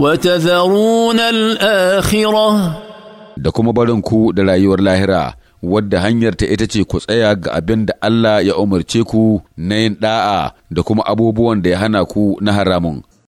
وتذرون الآخرة da kuma barin ku da rayuwar lahira wadda hanyar ta ita ce ku tsaya ga abin da Allah ya umarce ku na yin da'a da kuma abubuwan da ya hana ku na haramun